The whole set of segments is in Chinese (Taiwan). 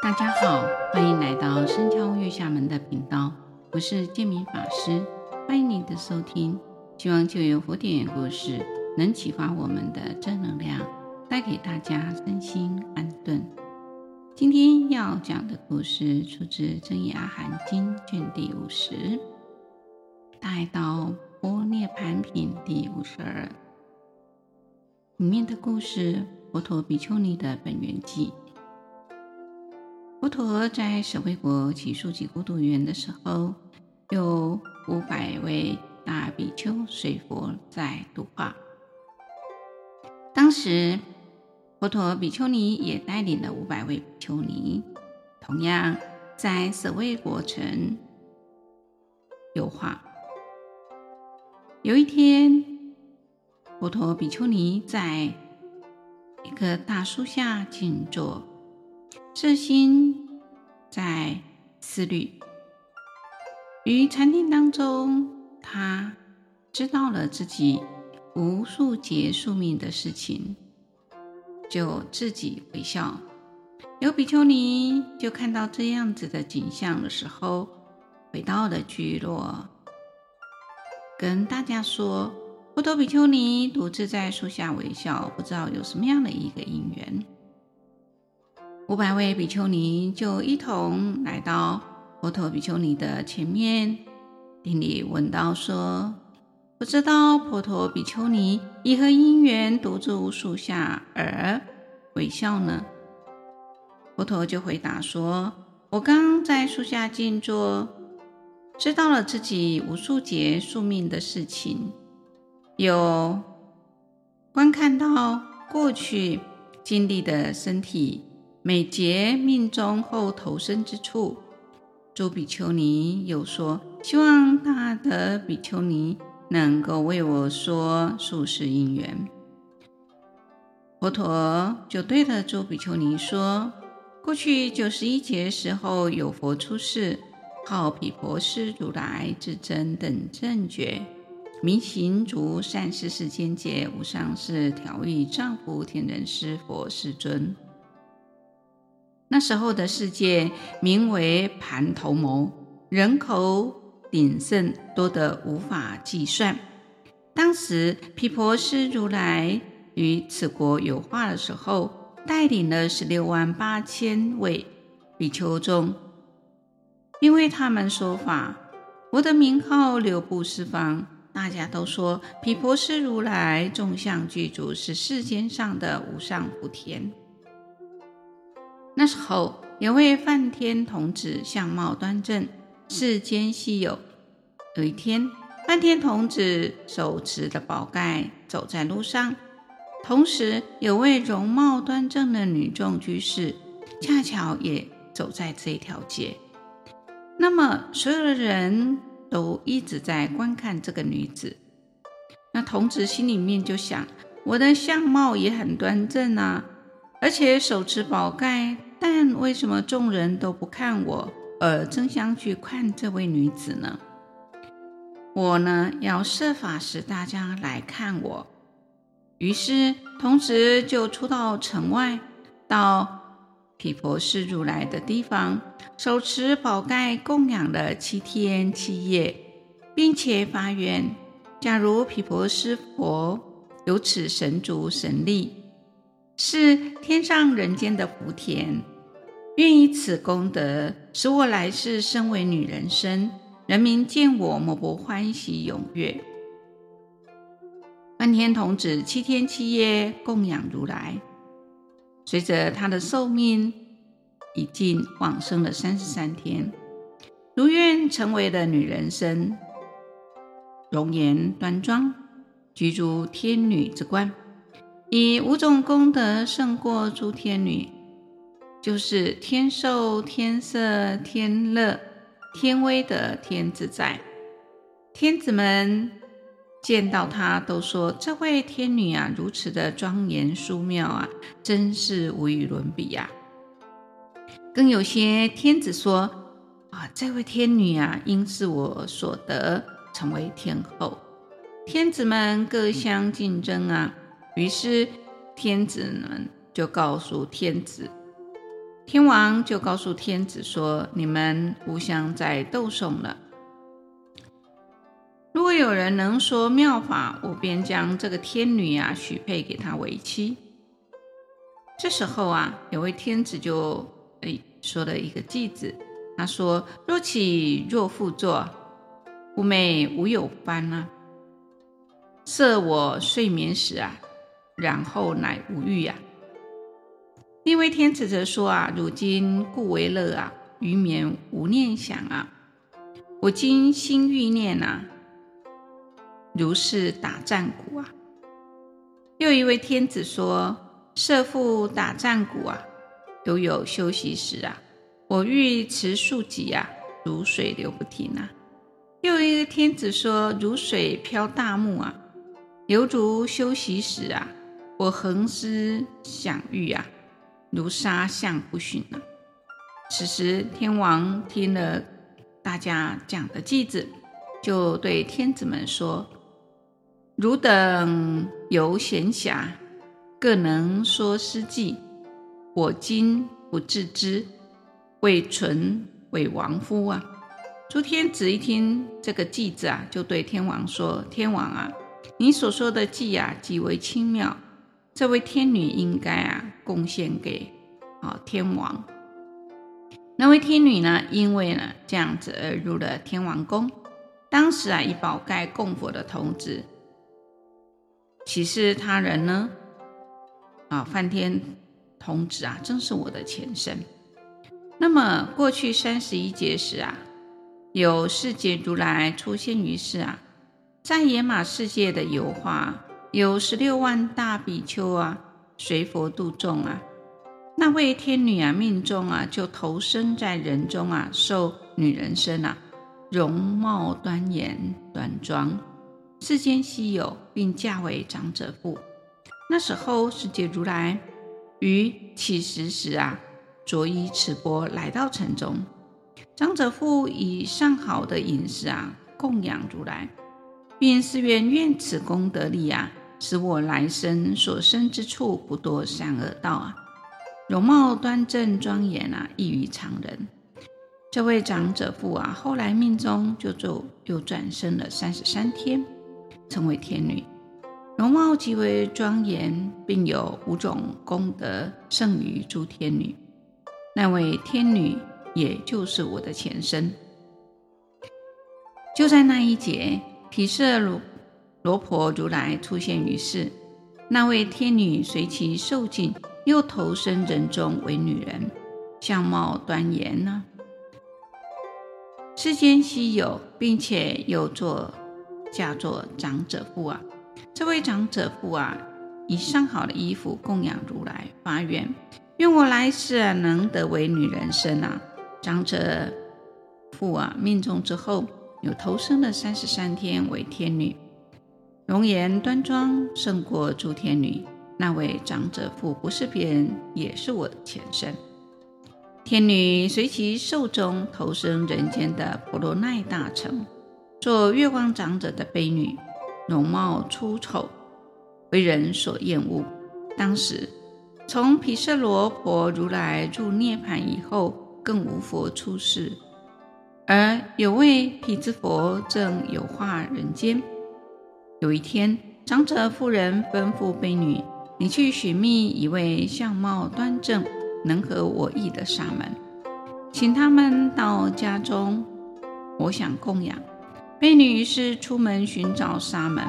大家好，歡迎來到僧敲月下門的頻道，我是建明法師，歡迎您的收聽。希望就由佛典故事能啟發我們的正能量，帶給大家身心安頓。今天要講的故事出自《增一阿含經》卷第五十，《大愛道波涅盤品》第五十二，裡面的故事，婆陀比丘尼的本緣記。佛陀在舍衛國祇樹給孤獨園的時候，有五百位大比丘隨佛在度化。當時，婆陀比丘尼也帶領了五百位比丘尼，同樣在舍衛國城遊化。有一天，婆陀比丘尼在一棵大樹下靜坐。攝心在思慮，於禪定當中，他知道了自己無數劫宿命的事情，就自己微笑。有比丘尼就看到這樣子的景象的時候，回到了聚落，跟大家說：婆陀比丘尼獨自在樹下微笑，不知道有什麼樣的一個因緣。五百位比丘尼就一同來到婆陀比丘尼的前面，頂禮問道說：“不知道婆陀比丘尼以何因緣獨住樹下而微笑呢？”婆陀就回答說：“我剛在樹下靜坐，知道了自己無數劫宿命的事情，有觀看到過去經歷的身體。”每劫命終後投生之處，諸比丘尼又說，希望大德比丘尼能夠為我說宿世因緣。佛陀就對着諸比丘尼說：過去九十一劫時候，有佛出世，號毗婆屍如來至真等正覺，明行足善逝世間解無上士調御丈夫天人師、佛、世尊。那時候的世界名為盤頭摩，人口鼎盛，多得無法計算。當時毘婆屍如來於此國遊化的時候，帶領了十六萬八千位比丘眾，因為他們說法。佛的名號流布四方，大家都說毘婆屍如來衆相具足，是世間上的無上福田。那時候有位梵天童子，相貌端正，世間稀有。有一天，梵天童子手持的寶蓋走在路上，同時有位容貌端正的女眾居士，恰巧也走在這條街。那麼所有的人都一直在觀看這個女子。那童子心裡面就想：我的相貌也很端正啊，而且手持寶蓋。但為什麼眾人都不看我，而爭相去看這位女子呢？我呢，要設法使大家來看我。於是，童子就出到城外，到毗婆屍如來的地方，手持寶蓋供養了七天七夜，並且發願：假如毗婆屍佛有此神足神力，是天上人間的福田，願以此功德，使我來世生為女人身，人民見我莫不歡喜踊躍。梵天童子七天七夜供養如來，隨着他的壽命已盡往生了三十三天，如願成為了女人身，容顏端莊，居諸天女之冠。以五種功德勝過諸天女，就是天壽、天色、天樂、天樂、天威德、天自在。天子們見到她，都說：“這位天女啊，如此的莊嚴殊妙啊，真是無與倫比呀、啊！”更有些天子說：“啊，這位天女啊，應是我所得，成為天後。”天子們各相競爭啊！於是天子們就告訴天子，天王就告訴天子說：“你們無相再鬥訟了。如果有人能說妙法，我便將這個天女啊許配給他為妻。”這時候啊，有位天子就哎說了一個偈子，他說：“若起若復坐，寤寐無有歡啊，設我睡眠時啊。”然後乃無欲啊！另一位天子則說啊：“汝今故為樂啊，於眠無念想啊。我今興欲念啊，如是打戰鼓啊。”又一位天子說：“設復打戰鼓啊，猶有休息時啊。我欲馳速疾啊，如水流不停啊。”又一位天子說：“如水漂大木啊，猶如休息時啊。”我恆思想欲啊，如殺象不眴啊。此時天王聽了大家講的偈子，就對天子們說：“汝等猶閑暇，各能說斯偈，我今不自知，為存為亡乎啊！諸天子一聽這個偈子啊，就對天王說：“天王啊，你所說的偈啊，極為清妙。”這位天女應該啊貢獻給啊天王。那位天女呢，因為呢這樣子而入了天王宮。當時啊，以寶蓋供佛的童子，豈是他人呢？啊梵天童子啊正是我的前身。那麼過去三十一劫時啊，有式詰如來出現於世啊，在野馬世界的遊化。有十六萬大比丘啊，隨佛度眾啊。那位天女啊，命終啊，就投生在人中啊，受女人身啊，容貌端嚴，端莊，世間稀有，並嫁為長者婦。那時候，式詰如來於乞食時，時啊，着衣持缽來到城中，長者婦以上好的飲食啊，供養如來，並誓願願此功德力啊。使我來生所生之處不墮三惡道啊，容貌端正莊嚴啊，異於常人。這位長者婦啊，後來命終就，就又轉生了三十三天，成為天女，容貌極為莊嚴，並有五種功德勝於諸天女。那位天女也就是我的前身。就在那一劫，毘舍如。羅婆如來出現於世，那位天女隨其壽盡，又投身人中為女人，相貌端嚴呢、啊。世間稀有，並且又作嫁作長者婦啊。這位長者婦啊，以上好的衣服供養如來發願，發願，願我來世、啊、能得為女人身啊。長者婦啊命終之後，有投生的三十三天為天女。容顏端莊，勝過諸天女。那位長者婦不是別人，也是我的前身。天女隨其壽終，投生人間的波羅捺大城，做月光長者的婢女，容貌粗醜，為人所厭惡。當時，從毗舍羅婆如來入涅槃以後，更無佛出世，而有位辟支佛正遊化人間。有一天，長者夫人吩咐婢女：“你去尋覓一位相貌端正、能合我意的沙門，請他們到家中，我想供養。”婢女於是出門尋找沙門，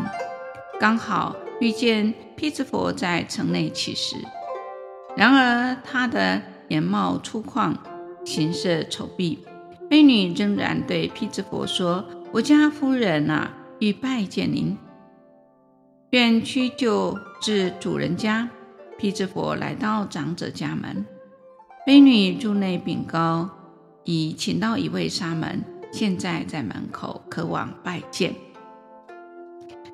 剛好遇見辟支佛在城內乞食。然而他的顏貌粗獷，形色醜蔽。婢女仍然對辟支佛說：“我家夫人吶、啊，欲拜見您。”願屈就至主人家。辟支佛來到長者家門，婢女入內稟告：已請到一位沙門，現在在門口，可往拜見。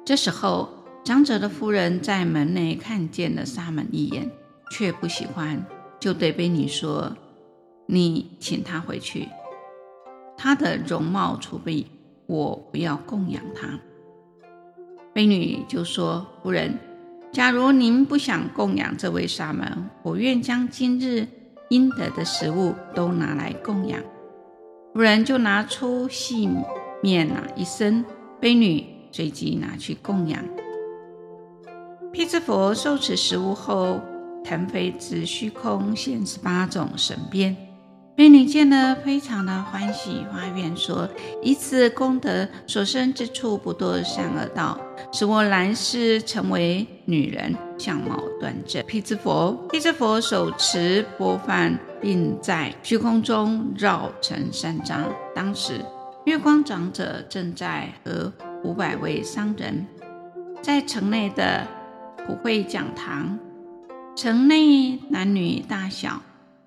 這時候，長者的夫人在門內看見了沙門一眼，卻不喜歡，就對婢女說：“你請他回去。他的容貌粗鄙，我不要供養他。”婢女就說：“夫人，假如您不想供養這位沙門，我願將今日應得的食物都拿來供養。”夫人就拿出細麵哪、啊、一升，婢女隨即拿去供養。辟支佛受此食物後，騰飛至虛空，現十八種神變。婢女見了，非常的歡喜，發願說：“以此功德，所生之處不多到，不墮三惡道。”使我來世成為女人，相貌端正。辟支佛、辟支佛手持缽飯，並在虛空中繞城三匝。當時，月光長者正在和五百位商人，在城內的普會講堂。城內男女大小，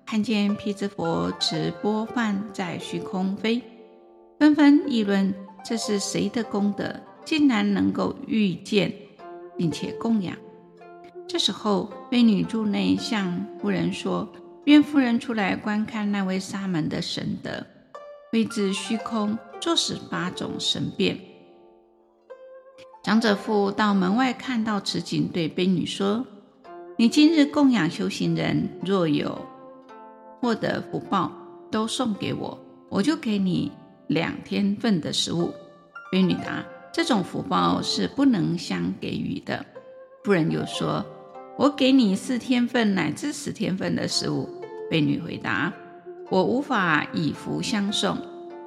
看見辟支佛持缽飯在虛空飛，紛紛議論：這是誰的功德？竟然能夠遇見，並且供養。這時候，婢女入內向夫人說：“願夫人出來觀看那位沙門的神德，飛至虛空，作十八種神變。”長者婦到門外看到此景，對婢女說：“你今日供養修行人，若有獲得福報，都送給我，我就給你兩天份的食物。”婢女答。這種福報是不能相給予的。夫人又說：“我給你四天分乃至十天分的食物。”婢女回答：“我無法以福相送。”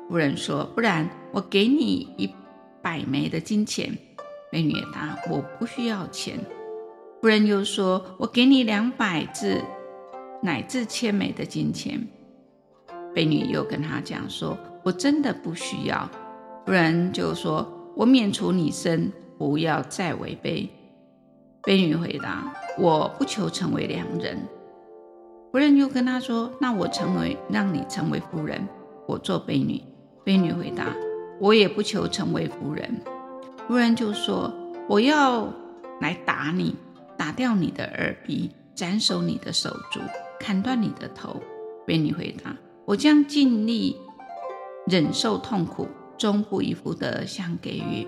夫人說：“不然，我給你一百枚的金錢。”婢女也答：“我不需要錢。”夫人又說：“我給你兩百至乃至千枚的金錢。”婢女又跟他講說：“我真的不需要。”夫人就說：我免除你身，不要再違背。婢女回答：我不求成為良人。夫人又跟她說：那我成為，讓你成為夫人，我做婢女。婢女回答：我也不求成為夫人。夫人就說：我要來打你，打掉你的耳鼻，斬首你的手足，砍斷你的頭。婢女回答：我將盡力忍受痛苦。終不以福德相給予。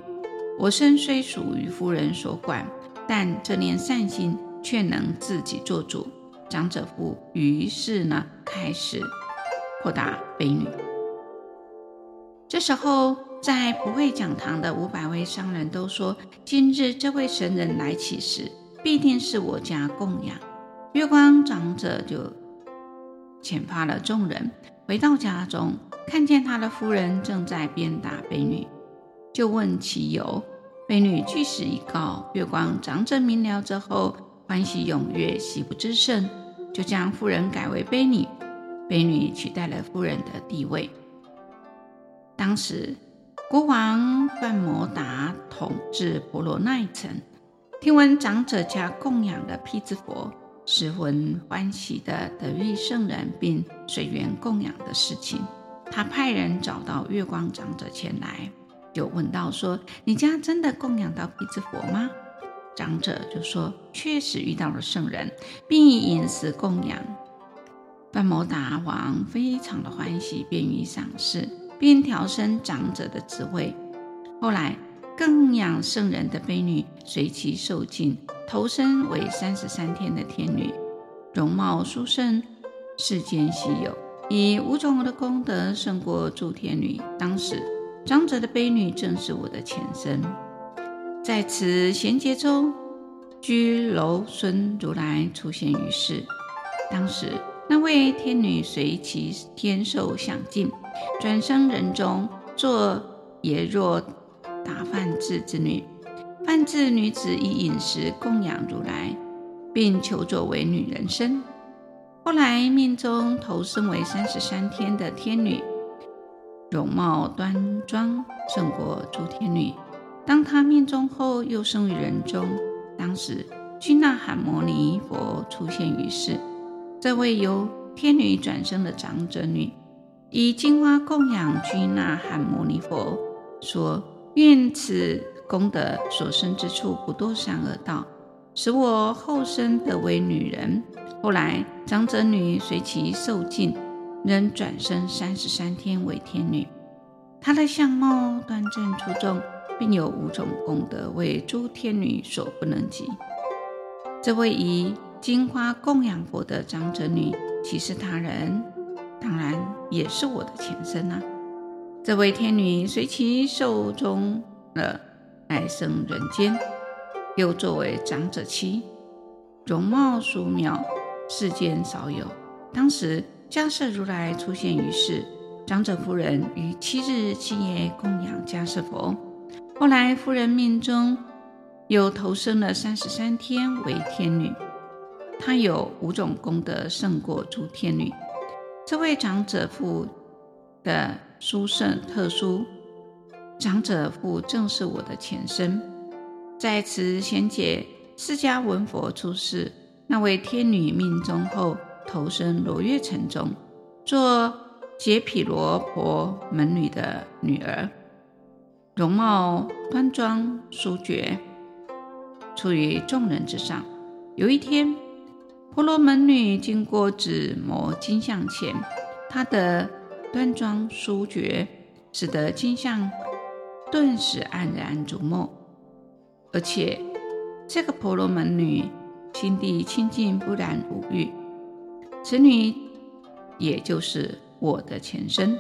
我身雖屬於夫人所管，但這念善心卻能自己做主。長者婦於是呢，開始撲打婢女。這時候，在普會講堂的五百位商人，都說，今日這位神人來乞食，必定是我家供養。月光長者就遣發了眾人，回到家中。看見他的夫人正在鞭打婢女，就問其由。婢女據實以告。月光長者明了之後，歡喜踊躍，喜不自勝，就將夫人改為婢女，婢女取代了夫人的地位。當時，國王梵摩達統治婆羅奈城，聽聞長者家供養的辟支佛十分歡喜地得遇聖人並隨緣供養的事情。他派人找到月光長者前來，就問道說：“你家真的供養到辟支佛嗎？”長者就說：“確實遇到了聖人，並以飲食供養。”梵摩達王非常的歡喜，便於賞賜，並調升長者的職位。後來，供養聖人的婢女隨其壽盡，投身為三十三天的天女，容貌殊勝，世間稀有。以五種的功德勝過諸天女。當時，長者的婢女正是我的前身。在此賢劫中，居樓孫如來出現於世。當時，那位天女隨其天壽享盡，轉生人中，做耶若達梵志之女。梵志女子以飲食供養如來，並求作為女人身。後來命終投生為三十三天的天女，容貌端莊，勝過諸天女。當她命終後，又生於人中。當時，拘那含牟尼佛出現於世。這位由天女轉生的長者女，以金花供養拘那含牟尼佛，說：“願此功德所生之處，不墮三惡道，使我後生得為女人。”後來，長者女隨其壽盡，仍轉生三十三天為天女，她的相貌端正出眾，並有五種功德，為諸天女所不能及。這位以金花供養佛的長者女，豈是他人？當然也是我的前身吶、啊。這位天女隨其壽終了，來生人間，又作為長者妻，容貌殊妙。世間少有。當時迦葉如來出現於世，長者夫人於七日七夜供養迦葉佛。後來夫人命終又投生了三十三天為天女，她有五種功德勝過諸天女。這位長者婦的殊勝特殊，長者婦正是我的前身。在此賢劫，釋迦文佛出世。那位天女命終後，投身羅閱城中，做羯毗羅婆門女的女兒，容貌端莊殊絕，處於眾人之上。有一天，婆羅門女經過紫磨金像前，她的端莊殊絕，使得金像頓時黯然矚目，而且這個婆羅門女。心地清淨，不染五欲。此女也就是我的前身，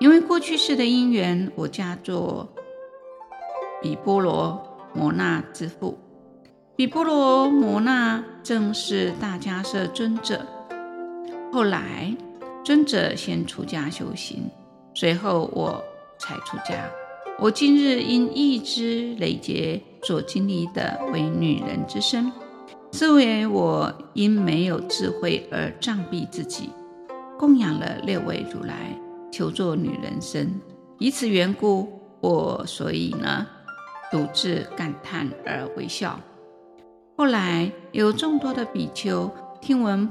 因為過去世的因緣，我嫁作比波羅摩那之婦。比波羅摩那正是大迦葉尊者。後來尊者先出家修行，隨後我才出家。我今日因憶知累劫。所經歷的為女人之身，是為我因沒有智慧而障蔽自己，供養了六位如來，求做女人身。以此緣故，我所以呢，獨自感嘆而微笑。後來有眾多的比丘聽聞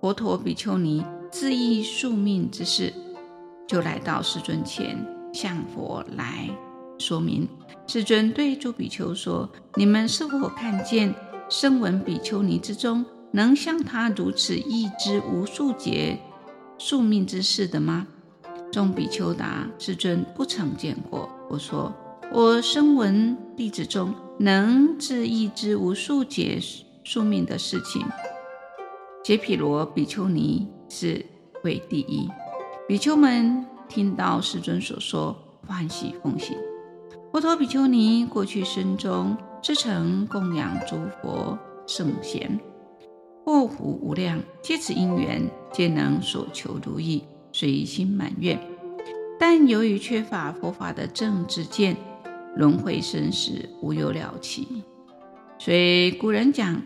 婆陀比丘尼自憶宿命之事，就來到世尊前向佛來，說明，世尊對諸比丘說：“你們是否看見聲聞比丘尼之中，能像他如此憶知無數劫宿命之事的嗎？”眾比丘答：“世尊不曾見過。”我說：“我聲聞弟子中，能自憶知無數劫宿命的事情，杰毗羅比丘尼是為第一。”比丘們聽到世尊所說，歡喜奉行。婆陀比丘尼過去生中，至誠供養諸佛聖賢，獲福無量，藉此因緣，皆能所求如意，隨心滿願。但由於缺乏佛法的正知見，輪迴生死無有了期。所以古人講：“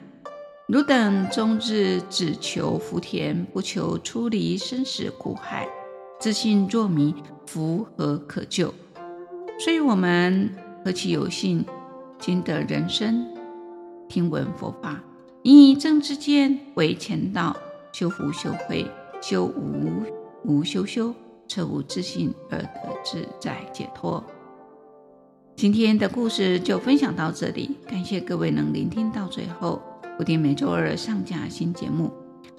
汝等終日只求福田，不求出離生死苦海，自信若迷，福何可救？”所以我們何其有幸，今得人生，聽聞佛法，以正知間為前道修福修慧，修無無修修，徹無自性而得自在解脫。今天的故事就分享到這裡，感謝各位能聆聽到最後。不定每周二日上架新節目，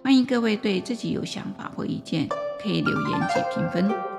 歡迎各位對自己有想法或意見，可以留言及評分。